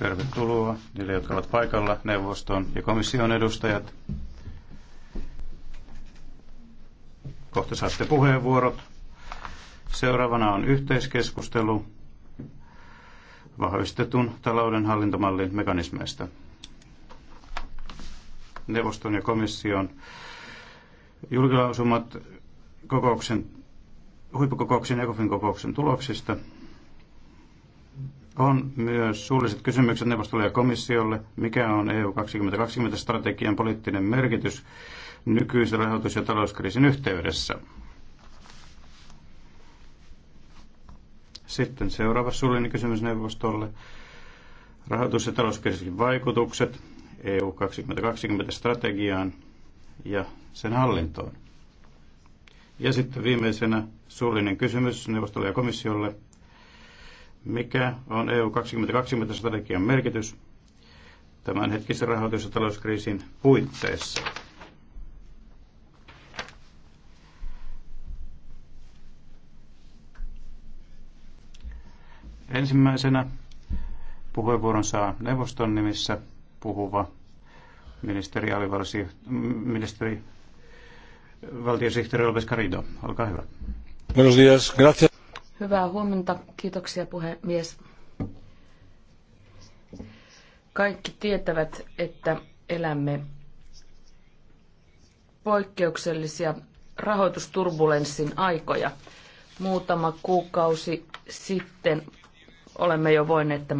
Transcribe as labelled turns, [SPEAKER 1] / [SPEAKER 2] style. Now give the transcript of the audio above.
[SPEAKER 1] Tervetuloa niille, jotka ovat paikalla, neuvoston ja komission edustajat. Kohta saatte puheenvuorot. Seuraavana on yhteiskeskustelu vahvistetun talouden hallintomallin mekanismeista. Neuvoston ja komission julkilausumat kokouksen, huippukokouksen ja kokouksen tuloksista on myös suulliset kysymykset neuvostolle ja komissiolle, mikä on EU 2020-strategian poliittinen merkitys nykyisen rahoitus- ja talouskriisin yhteydessä. Sitten seuraava suullinen kysymys neuvostolle. Rahoitus- ja talouskriisin vaikutukset EU 2020-strategiaan ja sen hallintoon. Ja sitten viimeisenä suullinen kysymys neuvostolle ja komissiolle mikä on EU 2020-strategian merkitys hetkisen rahoitus- ja talouskriisin puitteissa. Ensimmäisenä puheenvuoron saa neuvoston nimissä puhuva ministeri, ministeri valtiosihteeri Lopes Carido. Olkaa hyvä. Buenos días. Gracias.
[SPEAKER 2] Hyvää huomenta. Kiitoksia puhemies. Kaikki tietävät, että elämme poikkeuksellisia rahoitusturbulenssin aikoja. Muutama kuukausi sitten olemme jo voineet tämän